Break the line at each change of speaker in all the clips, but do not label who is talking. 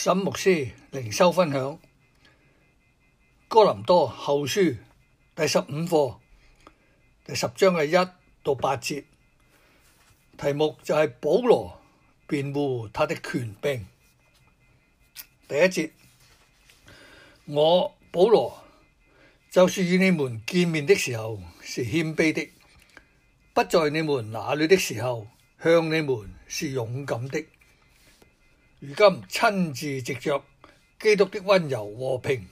沈牧師靈修分享《哥林多後書》第十五課第十章嘅一到八節，題目就係、是、保羅辯護他的權柄。第一節，我保羅，就是與你們見面的時候是謙卑的，不在你們那裡的時候，向你們是勇敢的。如今親自藉着基督的溫柔和平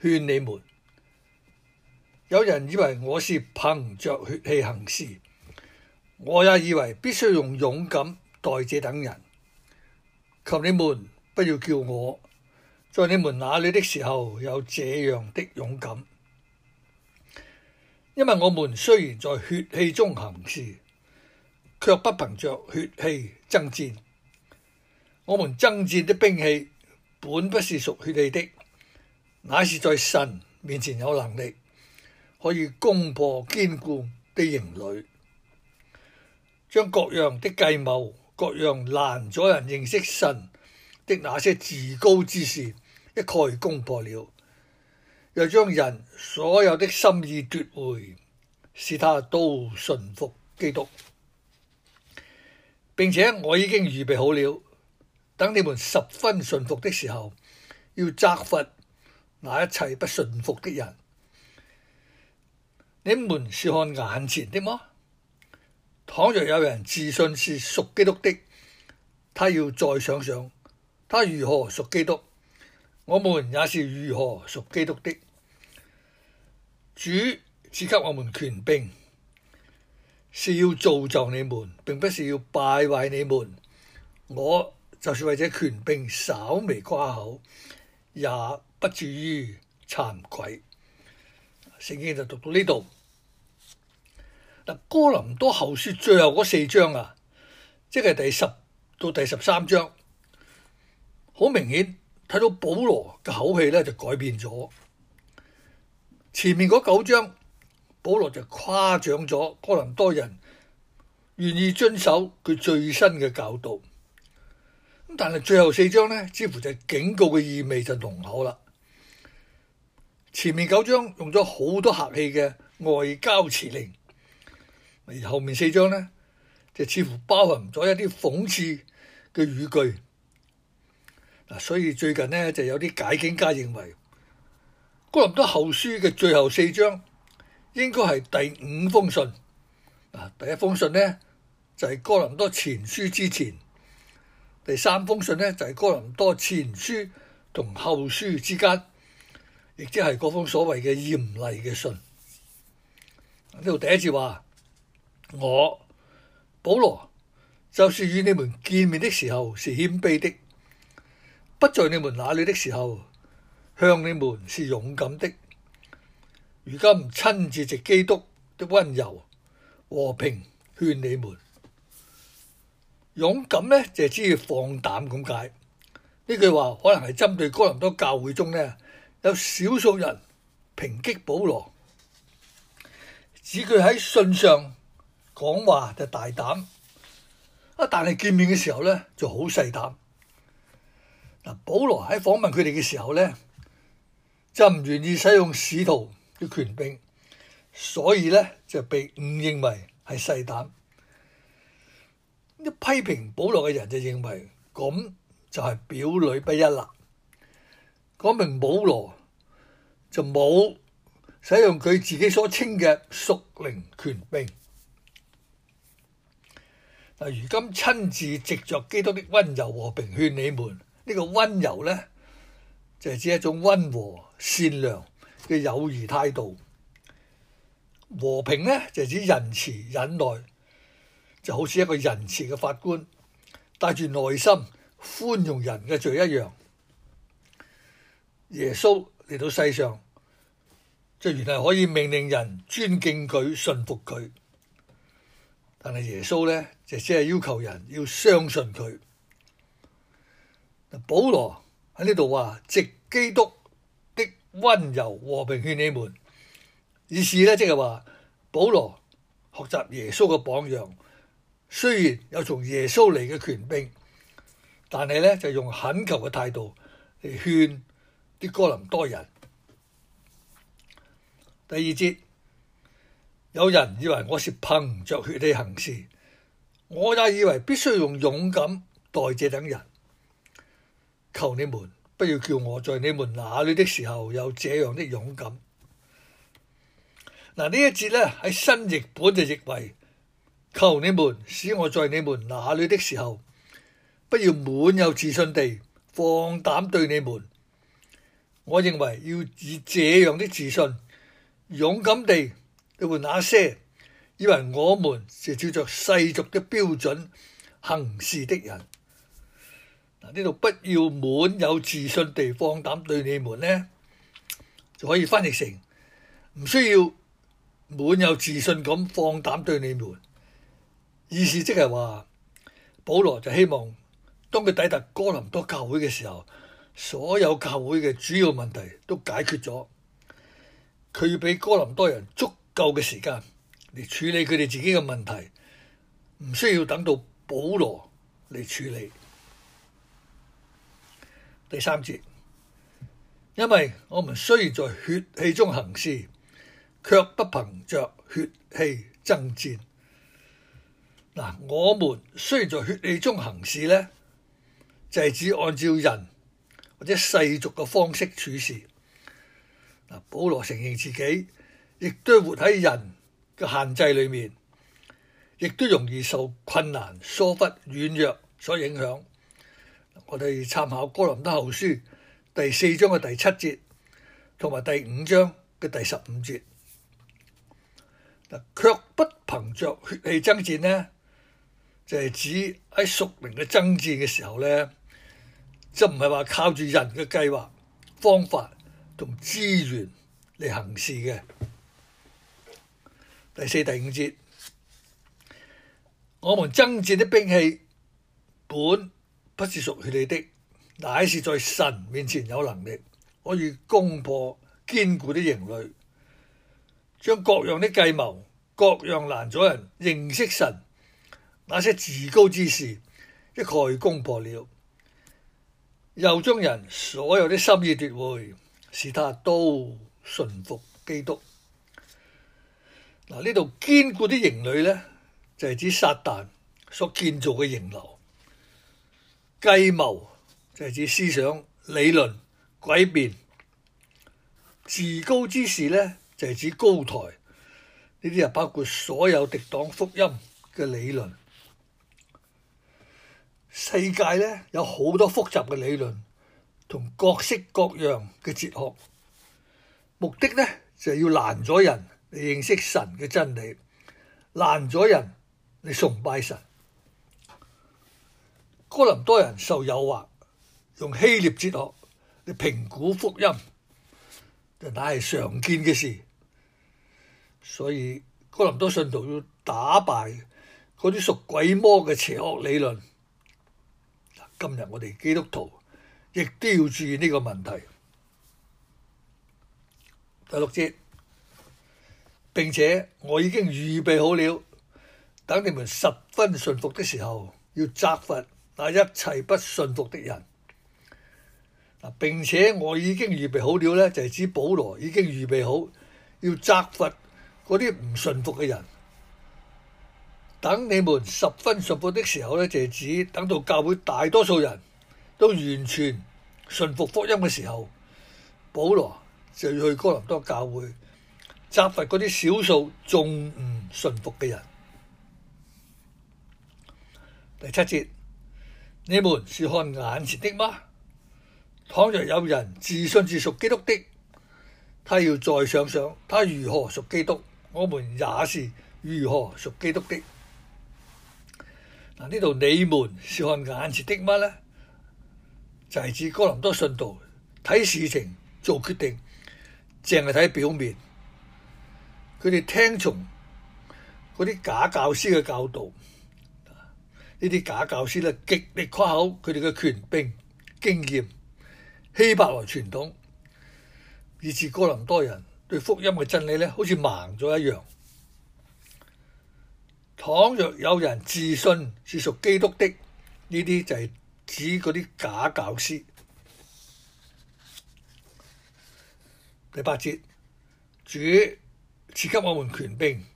勸你們，有人以為我是憑着血氣行事，我也以為必須用勇敢待這等人。求你們不要叫我，在你們那裏的時候有這樣的勇敢，因為我們雖然在血氣中行事，卻不憑着血氣爭戰。我們爭戰的兵器本不是屬血氣的，乃是在神面前有能力，可以攻破堅固的營壘，將各樣的計謀、各樣攔阻人認識神的那些自高之事一概攻破了，又將人所有的心意奪回，使他都順服基督，並且我已經預備好了。等你們十分順服的時候，要責罰那一切不順服的人。你們是看眼前的嗎？倘若有人自信是屬基督的，他要再想想他如何屬基督。我們也是如何屬基督的。主賜給我們權柄，是要造就你們，並不是要敗壞你們。我。就算為者權柄稍微誇口，也不至於慚愧。聖經就讀到呢度。嗱，哥林多後書最後嗰四章啊，即係第十到第十三章，好明顯睇到保羅嘅口氣咧就改變咗。前面嗰九章，保羅就誇獎咗哥林多人願意遵守佢最新嘅教導。但係最後四章呢，似乎就係警告嘅意味就濃厚啦。前面九章用咗好多客氣嘅外交辭令，而後面四章呢，就似乎包含咗一啲諷刺嘅語句。嗱，所以最近呢，就有啲解經家認為，哥林多後書嘅最後四章應該係第五封信。嗱，第一封信呢，就係、是、哥林多前書之前。第三封信呢，就係哥林多前書同後書之間，亦即係嗰封所謂嘅嚴厲嘅信。呢度第一節話我保羅，就是與你們見面的時候是謙卑的，不在你們那裏的時候，向你們是勇敢的。如今親自藉基督的溫柔和平勸你們。勇敢咧就係指要放膽咁解，呢句話可能係針對哥林多教會中咧有少數人抨擊保羅，指佢喺信上講話就大膽，啊但係見面嘅時候咧就好細膽。嗱，保羅喺訪問佢哋嘅時候咧就唔願意使用使徒嘅權柄，所以咧就被誤認為係細膽。一批評保羅嘅人就認為咁就係表裏不一啦，講明保羅就冇使用佢自己所稱嘅屬靈權柄。嗱，如今親自藉着基督的温柔和平勸你們，呢個温柔呢就指一種温和善良嘅友誼態度，和平呢就指仁慈忍耐。就好似一個仁慈嘅法官，帶住內心寬容人嘅罪一樣。耶穌嚟到世上，即原來可以命令人尊敬佢、信服佢，但係耶穌咧就只係要求人要相信佢。嗱，保羅喺呢度話藉基督的温柔和平勸你們，意思咧即係話保羅學習耶穌嘅榜樣。雖然有從耶穌嚟嘅權柄，但係咧就用懇求嘅態度嚟勸啲哥林多人。第二節，有人以為我是憑着血地行事，我也以為必須用勇敢待這等人。求你們不要叫我在你們那裏的時候有這樣的勇敢。嗱，呢一節咧喺新譯本就譯為。求你們使我在你們那裏的時候，不要滿有自信地放膽對你們。我認為要以這樣的自信，勇敢地對付那些以為我們是照着世俗的標準行事的人。嗱，呢度不要滿有自信地放膽對你們呢，就可以翻譯成，唔需要滿有自信咁放膽對你們。意思即係話，保羅就希望當佢抵達哥林多教會嘅時候，所有教會嘅主要問題都解決咗。佢要俾哥林多人足夠嘅時間嚟處理佢哋自己嘅問題，唔需要等到保羅嚟處理。第三節，因為我們雖然在血氣中行事，卻不憑着血氣爭戰。嗱，我們雖然在血氣中行事咧，就係、是、指按照人或者世俗嘅方式處事。嗱，保羅承認自己亦都活喺人嘅限制裏面，亦都容易受困難、疏忽、軟弱所影響。我哋參考哥林多後書第四章嘅第七節，同埋第五章嘅第十五節。嗱，卻不憑着血氣爭戰呢。就係指喺屬靈嘅爭戰嘅時候咧，就唔係話靠住人嘅計劃、方法同資源嚟行事嘅。第四、第五節，我們爭戰的兵器本不是屬血氣的，乃是在神面前有能力，可以攻破堅固的營壘，將各樣的計謀、各樣攔阻人認識神，那些自高之事一概攻破了，又將人所有的心意奪回，使他都順服基督。嗱、啊，呢度堅固的營壘咧，就係、是、指撒但所建造嘅營樓計謀，就係、是、指思想理論詭辯、自高之事咧，就係、是、指高台呢啲啊，包括所有敵擋福音嘅理論。世界咧有好多複雜嘅理論同各式各樣嘅哲學，目的咧就係、是、要攔阻人嚟認識神嘅真理，攔阻人嚟崇拜神。哥林多人受誘惑，用希臘哲學嚟評估福音，就乃係常見嘅事。所以哥林多信徒要打敗嗰啲屬鬼魔嘅邪惡理論。今日我哋基督徒亦都要注意呢個問題。第六節，並且我已經預備好了，等你們十分順服的時候，要責罰那一切不順服的人。並且我已經預備好了咧，就係、是、指保羅已經預備好要責罰嗰啲唔順服嘅人。等你們十分順服的時候呢，就指等到教會大多數人都完全順服福，福音嘅時候，保羅就要去哥林多教會責罰嗰啲少數仲唔順服嘅人。第七節，你們是看眼前的嗎？倘若有人自信自屬基督的，他要再想想他如何屬基督，我們也是如何屬基督的。呢度你們是看眼前的乜呢？就係、是、自哥林多信徒睇事情做決定，淨係睇表面。佢哋聽從嗰啲假教師嘅教導，呢啲假教師咧，極力誇口佢哋嘅權柄、經驗、希伯來傳統，以至哥林多人對福音嘅真理咧，好似盲咗一樣。倘若有人自信是屬基督的，呢啲就係指嗰啲假教師。第八節，主賜給我們權柄，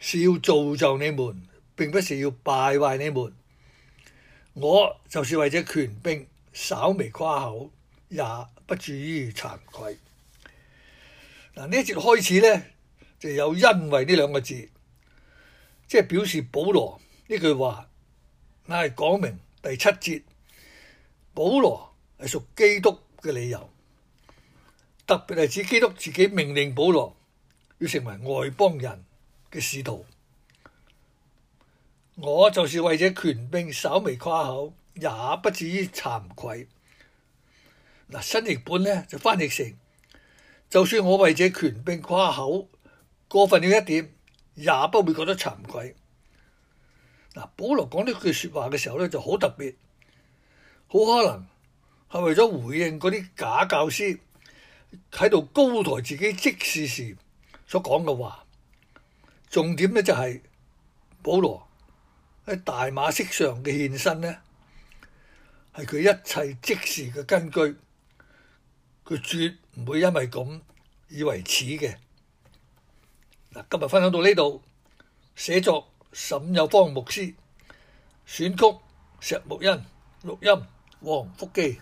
是要造就你們，並不是要敗壞你們。我就是為這權柄，稍微誇口，也不至於慚愧。嗱，呢一節開始咧，就有因為呢兩個字。即係表示保羅呢句話，乃係講明第七節保羅係屬基督嘅理由，特別係指基督自己命令保羅要成為外邦人嘅使徒。我就是為這權柄，稍微誇口，也不至於慚愧。嗱，新譯本咧就翻譯成，就算我為這權柄誇口過分了一點。也不會覺得慚愧。嗱，保羅講呢句説話嘅時候咧，就好特別，好可能係為咗回應嗰啲假教師喺度高抬自己即時時所講嘅話。重點咧就係保羅喺大馬色上嘅獻身咧，係佢一切即時嘅根據，佢絕唔會因為咁以為恥嘅。今日分享到呢度，寫作沈有方牧師，選曲石木恩，錄音黃福記。